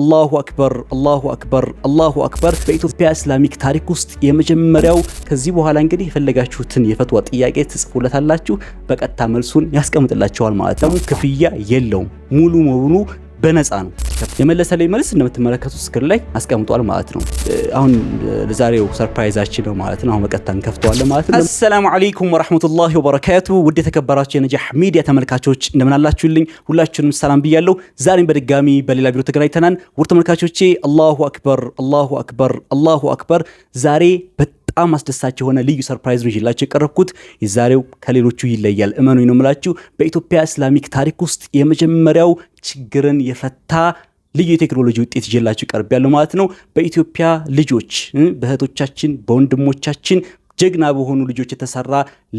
አላሁ አክበር አላሁ አክበር አላሁ አክበር በኢትዮጵያ እስላሚክ ታሪክ ውስጥ የመጀመሪያው። ከዚህ በኋላ እንግዲህ የፈለጋችሁትን የፈትዋ ጥያቄ ትጽፉለታላችሁ፣ በቀጥታ መልሱን ያስቀምጥላቸዋል ማለት ነው። ክፍያ የለውም። ሙሉ መሆኑ። በነፃ ነው የመለሰልኝ መልስ እንደምትመለከቱት ስክሪን ላይ አስቀምጧል ማለት ነው። አሁን ለዛሬው ሰርፕራይዛችን ነው ማለት ነው። አሁን በቀጥታ እንከፍተዋለን ማለት ነው። አሰላሙ አለይኩም ወራህመቱላሂ ወበረካቱ። ውድ የተከበራችሁ የነጃህ ሚዲያ ተመልካቾች እንደምን አላችሁልኝ? ሁላችሁንም ሰላም ብያለሁ። ዛሬም በድጋሚ በሌላ ቢሮ ተገናኝተናል። ውድ ተመልካቾቼ አላሁ አክበር፣ አላሁ አክበር፣ አላሁ አክበር ዛሬ በጣም አስደሳች የሆነ ልዩ ሰርፕራይዝ ነው ይላችሁ የቀረብኩት። የዛሬው ከሌሎቹ ይለያል፣ እመኑ ነው የምላችሁ። በኢትዮጵያ እስላሚክ ታሪክ ውስጥ የመጀመሪያው ችግርን የፈታ ልዩ የቴክኖሎጂ ውጤት ይዤላችሁ ቀርብ ያለው ማለት ነው። በኢትዮጵያ ልጆች በእህቶቻችን በወንድሞቻችን ጀግና በሆኑ ልጆች የተሰራ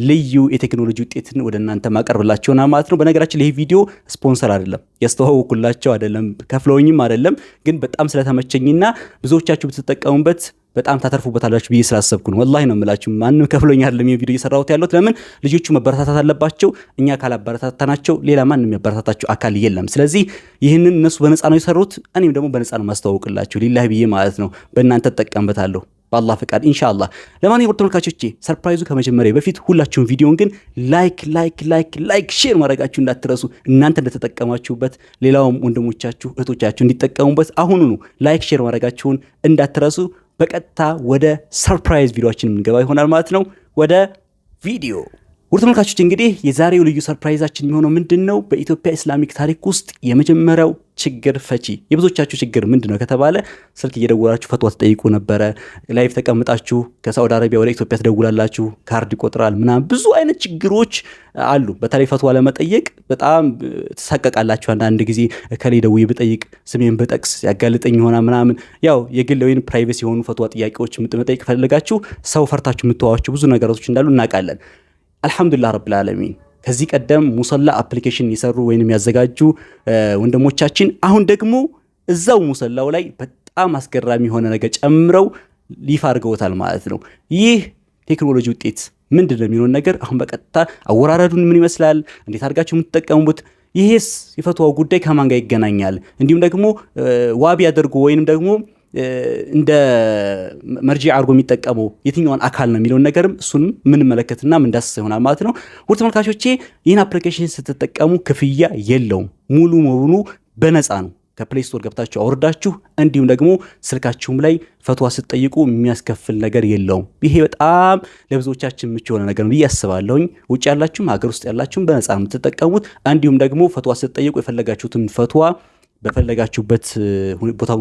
ልዩ የቴክኖሎጂ ውጤትን ወደ እናንተ ማቀርብላችሁና ማለት ነው። በነገራችን ይህ ቪዲዮ ስፖንሰር አይደለም፣ ያስተዋወኩላቸው አይደለም፣ ከፍለውኝም አይደለም። ግን በጣም ስለተመቸኝና ብዙዎቻችሁ ብትጠቀሙበት በጣም ታተርፉበታላችሁ ብዬ ስላሰብኩ ነው። ወላሂ ነው የምላችሁ። ማንም ከፍሎኛ አይደለም ይሄ ቪዲዮ እየሰራሁት ያለሁት። ለምን ልጆቹ መበረታታት አለባቸው። እኛ ካላበረታታናቸው ሌላ ማንም የሚያበረታታቸው አካል የለም። ስለዚህ ይህንን እነሱ በነፃ ነው የሰሩት፣ እኔም ደግሞ በነፃ ነው ማስተዋወቅላችሁ ሊላህ ብዬ ማለት ነው። በእናንተ ተጠቀምበታለሁ በአላህ ፈቃድ ኢንሻአላህ። ለማንኛውም ተመልካቾቼ ሰርፕራይዙ ከመጀመሪያ በፊት ሁላችሁም ቪዲዮን ግን ላይክ ላይክ ላይክ ላይክ ሼር ማድረጋችሁ እንዳትረሱ። እናንተ እንደተጠቀማችሁበት ሌላውም ወንድሞቻችሁ እህቶቻችሁ እንዲጠቀሙበት አሁኑኑ ላይክ ሼር ማድረጋችሁን እንዳትረሱ። በቀጥታ ወደ ሰርፕራይዝ ቪዲዮችን የምንገባ ይሆናል ማለት ነው። ወደ ቪዲዮ ውድ ተመልካቾች እንግዲህ የዛሬው ልዩ ሰርፕራይዛችን የሚሆነው ምንድን ነው? በኢትዮጵያ ኢስላሚክ ታሪክ ውስጥ የመጀመሪያው ችግር ፈቺ። የብዙዎቻችሁ ችግር ምንድን ነው ከተባለ ስልክ እየደወላችሁ ፈትዋ ትጠይቁ ነበረ። ላይፍ ተቀምጣችሁ ከሳውዲ አረቢያ ወደ ኢትዮጵያ ትደውላላችሁ፣ ካርድ ይቆጥራል ምናምን። ብዙ አይነት ችግሮች አሉ። በተለይ ፈትዋ ለመጠየቅ በጣም ትሳቀቃላችሁ። አንዳንድ ጊዜ እከሌ ደውዬ ብጠይቅ ስሜን በጠቅስ ያጋልጠኝ ይሆናል ምናምን። ያው የግል ወይም ፕራይቬሲ የሆኑ ፈትዋ ጥያቄዎች የምትመጠይቅ ፈልጋችሁ ሰው ፈርታችሁ የምትዋዋችሁ ብዙ ነገሮች እንዳሉ እናውቃለን። አልሐምዱሊላህ ረብል ዓለሚን። ከዚህ ቀደም ሙሰላ አፕሊኬሽን የሰሩ ወይንም ያዘጋጁ ወንድሞቻችን አሁን ደግሞ እዛው ሙሰላው ላይ በጣም አስገራሚ የሆነ ነገር ጨምረው ይፋ አድርገውታል ማለት ነው። ይህ ቴክኖሎጂ ውጤት ምንድን ነው የሚለውን ነገር አሁን በቀጥታ አወራረዱን ምን ይመስላል፣ እንዴት አድርጋችሁ የምትጠቀሙት ይሄስ የፈትዋው ጉዳይ ከማን ጋር ይገናኛል፣ እንዲሁም ደግሞ ዋቢ ያደርጉ ወይንም ደግሞ እንደ መርጃ አድርጎ የሚጠቀመው የትኛውን አካል ነው የሚለውን ነገርም እሱንም ምንመለከትና ምንዳስሰ ይሆናል ማለት ነው። ውድ ተመልካቾቼ ይህን አፕሊኬሽን ስትጠቀሙ ክፍያ የለውም፣ ሙሉ መሆኑ በነፃ ነው። ከፕሌይ ስቶር ገብታችሁ አውርዳችሁ እንዲሁም ደግሞ ስልካችሁም ላይ ፈትዋ ስትጠይቁ የሚያስከፍል ነገር የለውም። ይሄ በጣም ለብዙዎቻችን ምቹ የሆነ ነገር ነው ብዬ አስባለሁኝ። ውጭ ያላችሁም ሀገር ውስጥ ያላችሁም በነፃ ነው የምትጠቀሙት። እንዲሁም ደግሞ ፈትዋ ስትጠይቁ የፈለጋችሁትን ፈትዋ በፈለጋችሁበት ቦታ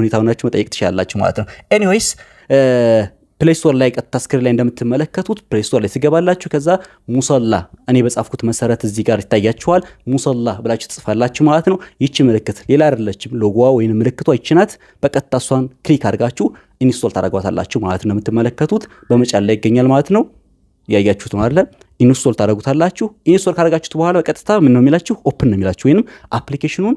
ሁኔታ ሆናችሁ መጠየቅ ትችላላችሁ ማለት ነው። ኤኒዌይስ ፕሌስቶር ላይ ቀጥታ ስክሪን ላይ እንደምትመለከቱት ፕሌስቶር ላይ ትገባላችሁ። ከዛ ሙሰላ እኔ በጻፍኩት መሰረት እዚህ ጋር ይታያችኋል። ሙሰላ ብላችሁ ትጽፋላችሁ ማለት ነው። ይቺ ምልክት ሌላ አይደለችም። ሎጎዋ ወይም ምልክቷ ይቺ ናት። በቀጥታ እሷን ክሊክ አድርጋችሁ ኢንስቶል ታደርጓታላችሁ ማለት ነው። እንደምትመለከቱት በመጫን ላይ ይገኛል ማለት ነው። ያያችሁት አለ ኢንስቶል ታደርጉታላችሁ። ኢንስቶል ካደረጋችሁት በኋላ በቀጥታ ምን ነው የሚላችሁ? ኦፕን ነው የሚላችሁ ወይም አፕሊኬሽኑን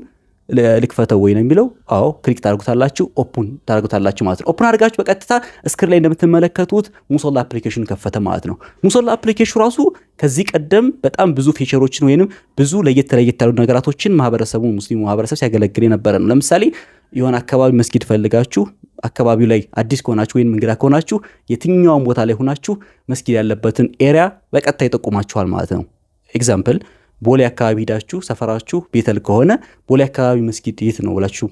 ልክፈተው ወይ ነው የሚለው። አዎ ክሊክ ታደርጉታላችሁ፣ ኦፕን ታደርጉታላችሁ ማለት ነው። ኦፕን አድርጋችሁ በቀጥታ እስክሪን ላይ እንደምትመለከቱት ሙሶላ አፕሊኬሽን ከፈተ ማለት ነው። ሙሶላ አፕሊኬሽን ራሱ ከዚህ ቀደም በጣም ብዙ ፊቸሮችን ወይንም ብዙ ለየት ለየት ያሉ ነገራቶችን ማህበረሰቡ ሙስሊሙ ማህበረሰብ ሲያገለግል የነበረ ነው። ለምሳሌ የሆነ አካባቢ መስጊድ ፈልጋችሁ አካባቢው ላይ አዲስ ከሆናችሁ ወይም እንግዳ ከሆናችሁ የትኛውም ቦታ ላይ ሆናችሁ መስጊድ ያለበትን ኤሪያ በቀጥታ ይጠቁማችኋል ማለት ነው። ኤግዛምፕል ቦሌ አካባቢ ሂዳችሁ ሰፈራችሁ ቤተል ከሆነ ቦሌ አካባቢ መስጊድ የት ነው ብላችሁ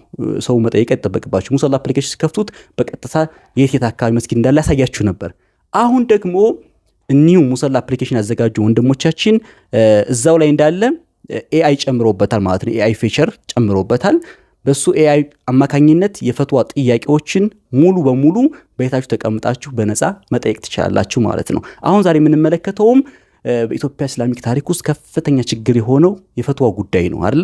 ሰው መጠየቅ አይጠበቅባችሁ። ሙሰላ አፕሊኬሽን ሲከፍቱት በቀጥታ የት የት አካባቢ መስጊድ እንዳለ ያሳያችሁ ነበር። አሁን ደግሞ እኒሁ ሙሰላ አፕሊኬሽን ያዘጋጁ ወንድሞቻችን እዛው ላይ እንዳለ ኤአይ ጨምሮበታል ማለት ነው። ኤአይ ፌቸር ጨምሮበታል። በሱ ኤአይ አማካኝነት የፈትዋ ጥያቄዎችን ሙሉ በሙሉ በየታችሁ ተቀምጣችሁ በነፃ መጠየቅ ትችላላችሁ ማለት ነው። አሁን ዛሬ የምንመለከተውም በኢትዮጵያ እስላሚክ ታሪክ ውስጥ ከፍተኛ ችግር የሆነው የፈትዋ ጉዳይ ነው አለ።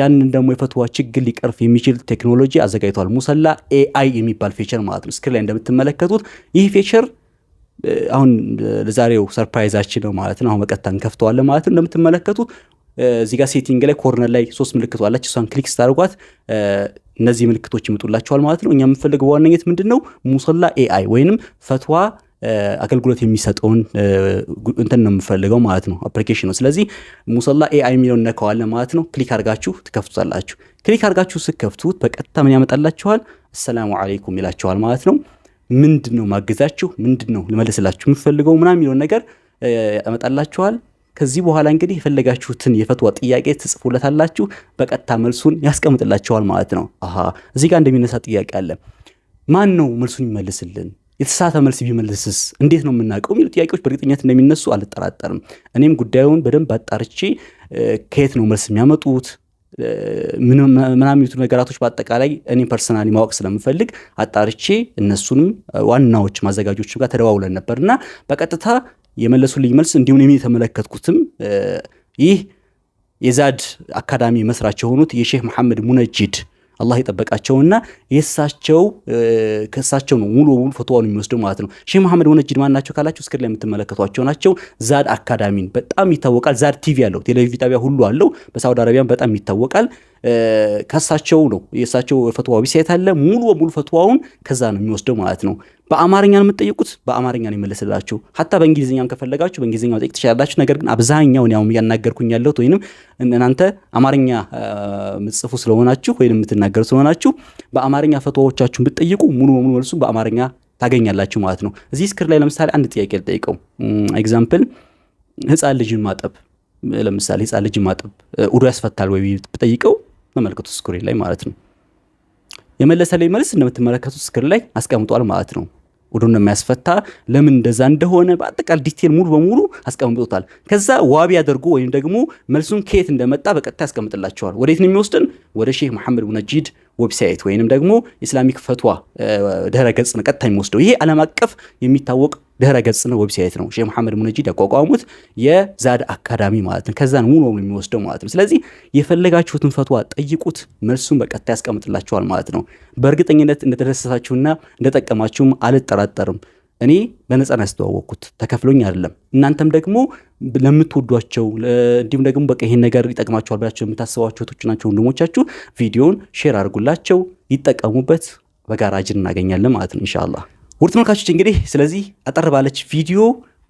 ያንን ደግሞ የፈትዋ ችግር ሊቀርፍ የሚችል ቴክኖሎጂ አዘጋጅቷል። ሙሰላ ኤአይ የሚባል ፌቸር ማለት ነው። እስክሪን ላይ እንደምትመለከቱት ይህ ፌቸር አሁን ለዛሬው ሰርፕራይዛችን ነው ማለት ነው። አሁን በቀጥታ እንከፍተዋለን ማለት ነው። እንደምትመለከቱት እዚህ ጋር ሴቲንግ ላይ ኮርነር ላይ ሶስት ምልክት አላች። እሷን ክሊክ ስታደርጓት እነዚህ ምልክቶች ይመጡላቸዋል ማለት ነው። እኛ የምንፈልገው በዋነኝነት ምንድን ነው ሙሰላ ኤአይ ወይንም ፈትዋ አገልግሎት የሚሰጠውን እንትን ነው የምፈልገው ማለት ነው፣ አፕሊኬሽን ነው። ስለዚህ ሙሰላ ኤአይ የሚለውን ነከዋለ ማለት ነው። ክሊክ አድርጋችሁ ትከፍቱታላችሁ። ክሊክ አድርጋችሁ ስከፍቱት በቀጥታ ምን ያመጣላችኋል? አሰላሙ አለይኩም ይላችኋል ማለት ነው። ምንድን ነው ማገዛችሁ፣ ምንድን ነው ልመልስላችሁ የምፈልገው ምናምን የሚለውን ነገር ያመጣላችኋል። ከዚህ በኋላ እንግዲህ የፈለጋችሁትን የፈትዋ ጥያቄ ትጽፉለታላችሁ። በቀጥታ መልሱን ያስቀምጥላችኋል ማለት ነው። አሃ እዚህ ጋር እንደሚነሳ ጥያቄ አለ። ማን ነው መልሱን ይመልስልን? የተሳተ መልስ ቢመልስስ እንዴት ነው የምናውቀው? የሚሉ ጥያቄዎች በእርግጠኝነት እንደሚነሱ አልጠራጠርም። እኔም ጉዳዩን በደንብ አጣርቼ ከየት ነው መልስ የሚያመጡት ምናምን የሚሉ ነገራቶች በአጠቃላይ እኔ ፐርሰናሊ ማወቅ ስለምፈልግ አጣርቼ እነሱንም ዋናዎች ማዘጋጆች ጋር ተደዋውለን ነበር እና በቀጥታ የመለሱልኝ መልስ እንዲሁም እኔ የተመለከትኩትም ይህ የዛድ አካዳሚ መስራች የሆኑት የሼህ መሐመድ ሙነጅድ አላህ የጠበቃቸውና የሳቸው ከሳቸው ነው ሙሉ ሙሉ ፈትዋውን የሚወስደው ማለት ነው። ሼህ መሐመድ ወነጅድ ማን ናቸው ካላችሁ እስክሪን ላይ የምትመለከቷቸው ናቸው። ዛድ አካዳሚን በጣም ይታወቃል። ዛድ ቲቪ አለው፣ ቴሌቪዥን ጣቢያ ሁሉ አለው። በሳውዲ አረቢያን በጣም ይታወቃል። ከሳቸው ነው የእሳቸው ፈትዋ ዌብሳይት አለ። ሙሉ በሙሉ ፈትዋውን ከዛ ነው የሚወስደው ማለት ነው። በአማርኛ ነው የምትጠይቁት፣ በአማርኛ ነው ይመለስላችሁ። ሀታ በእንግሊዝኛም ከፈለጋችሁ በእንግሊዝኛ መጠየቅ ትችላላችሁ። ነገር ግን አብዛኛውን ያው እያናገርኩኝ ያለሁት ወይም እናንተ አማርኛ ምጽፉ ስለሆናችሁ ወይም የምትናገሩ ስለሆናችሁ በአማርኛ ፈትዋዎቻችሁን ብትጠይቁ ሙሉ በሙሉ መልሱ በአማርኛ ታገኛላችሁ ማለት ነው። እዚህ ስክሪን ላይ ለምሳሌ አንድ ጥያቄ ልጠይቀው። ኤግዛምፕል ህፃን ልጅን ማጠብ፣ ለምሳሌ ህፃን ልጅን ማጠብ ውዱ ያስፈታል ወይ ብጠይቀው መመልከቱ ስክሪን ላይ ማለት ነው። የመለሰልኝ መልስ እንደምትመለከቱት ስክሪን ላይ አስቀምጧል ማለት ነው። ወደ እንደሚያስፈታ ለምን እንደዛ እንደሆነ በአጠቃላይ ዲቴል ሙሉ በሙሉ አስቀምጦታል። ከዛ ዋቢ አድርጎ ወይም ደግሞ መልሱን ከየት እንደመጣ በቀጥታ ያስቀምጥላቸዋል። ወዴት ነው የሚወስድን? ወደ ሼህ መሐመድ ሙነጂድ ዌብሳይት ወይንም ደግሞ ኢስላሚክ ፈትዋ ድረ ገጽ ነው ቀጥታ የሚወስደው። ይሄ ዓለም አቀፍ የሚታወቅ ድህረ ገጽ ነው፣ ዌብሳይት ነው። ሼህ መሐመድ ሙነጂድ ያቋቋሙት የዛድ አካዳሚ ማለት ነው። ከዛን ሙሉ ነው የሚወስደው ማለት ነው። ስለዚህ የፈለጋችሁትን ፈትዋ ጠይቁት፣ መልሱን በቀጥታ ያስቀምጥላችኋል ማለት ነው። በእርግጠኝነት እንደተደሰሳችሁና እንደጠቀማችሁም አልጠራጠርም። እኔ በነፃ ነው ያስተዋወቅኩት፣ ተከፍሎኝ አይደለም። እናንተም ደግሞ ለምትወዷቸው እንዲሁም ደግሞ በቃ ይሄን ነገር ይጠቅማቸዋል ብላቸው የምታስቧቸው እህቶች ናቸው ወንድሞቻችሁ ቪዲዮን ሼር አድርጉላቸው፣ ይጠቀሙበት። በጋራ አጅር እናገኛለን ማለት ነው እንሻላ። ውድ ተመልካቾች እንግዲህ ስለዚህ አጠር ባለች ቪዲዮ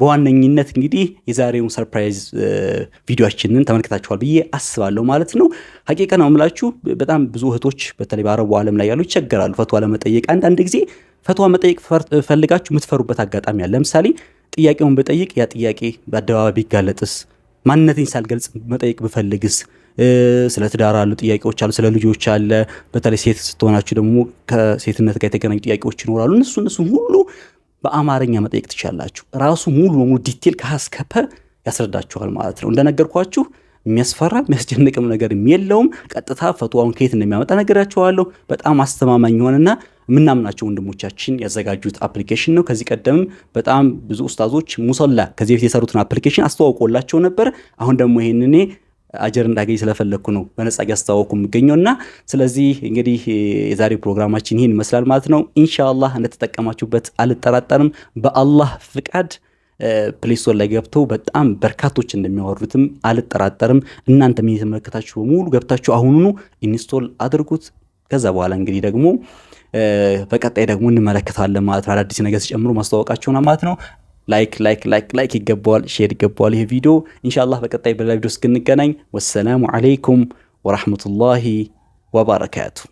በዋነኝነት እንግዲህ የዛሬውን ሰርፕራይዝ ቪዲዮችንን ተመልክታችኋል ብዬ አስባለሁ ማለት ነው። ሀቂቀ ነው የምላችሁ። በጣም ብዙ እህቶች በተለይ በአረቡ ዓለም ላይ ያሉ ይቸገራሉ ፈትዋ ለመጠየቅ። አንዳንድ ጊዜ ፈትዋ መጠየቅ ፈልጋችሁ የምትፈሩበት አጋጣሚ አለ። ለምሳሌ ጥያቄውን ብጠይቅ ያ ጥያቄ በአደባባይ ቢጋለጥስ? ማንነትኝ ሳልገልጽ መጠየቅ ብፈልግስ ስለ ትዳር አሉ ጥያቄዎች አሉ፣ ስለ ልጆች አለ። በተለይ ሴት ስትሆናችሁ ደግሞ ከሴትነት ጋር የተገናኙ ጥያቄዎች ይኖራሉ። እነሱ እነሱ ሁሉ በአማርኛ መጠየቅ ትችላላችሁ። ራሱ ሙሉ በሙሉ ዲቴል ከሀስከፐ ያስረዳችኋል ማለት ነው። እንደነገርኳችሁ የሚያስፈራ የሚያስጨንቅም ነገር የለውም። ቀጥታ ፈትዋውን ከየት እንደሚያመጣ ነገራችኋለሁ። በጣም አስተማማኝ የሆነና የምናምናቸው ወንድሞቻችን ያዘጋጁት አፕሊኬሽን ነው። ከዚህ ቀደም በጣም ብዙ ኡስታዞች ሙሰላ ከዚህ በፊት የሰሩትን አፕሊኬሽን አስተዋውቆላቸው ነበር። አሁን ደግሞ ይሄን እኔ አጀር እንዳገኝ ስለፈለግኩ ነው በነጻ እያስተዋወቅኩ የሚገኘው እና ስለዚህ እንግዲህ የዛሬ ፕሮግራማችን ይህን ይመስላል ማለት ነው። ኢንሻአላህ እንደተጠቀማችሁበት አልጠራጠርም። በአላህ ፍቃድ ፕሌስቶር ላይ ገብተው በጣም በርካቶች እንደሚያወርዱትም አልጠራጠርም። ምን የተመለከታችሁ በሙሉ ገብታችሁ አሁኑኑ ኢንስቶል አድርጉት። ከዛ በኋላ እንግዲህ ደግሞ በቀጣይ ደግሞ እንመለከታለን ማለት ነው። አዳዲስ ነገር ሲጨምሩ ማስተዋወቃቸውና ማለት ነው። ላይክ ላይክ ላይክ ላይክ ይገባዋል፣ ሼር ይገባዋል ይህ ቪዲዮ። ኢንሻአላህ በቀጣይ በሌላ ቪዲዮ እስክንገናኝ ወሰላሙ አለይኩም ወራህመቱላሂ ወበረካቱ።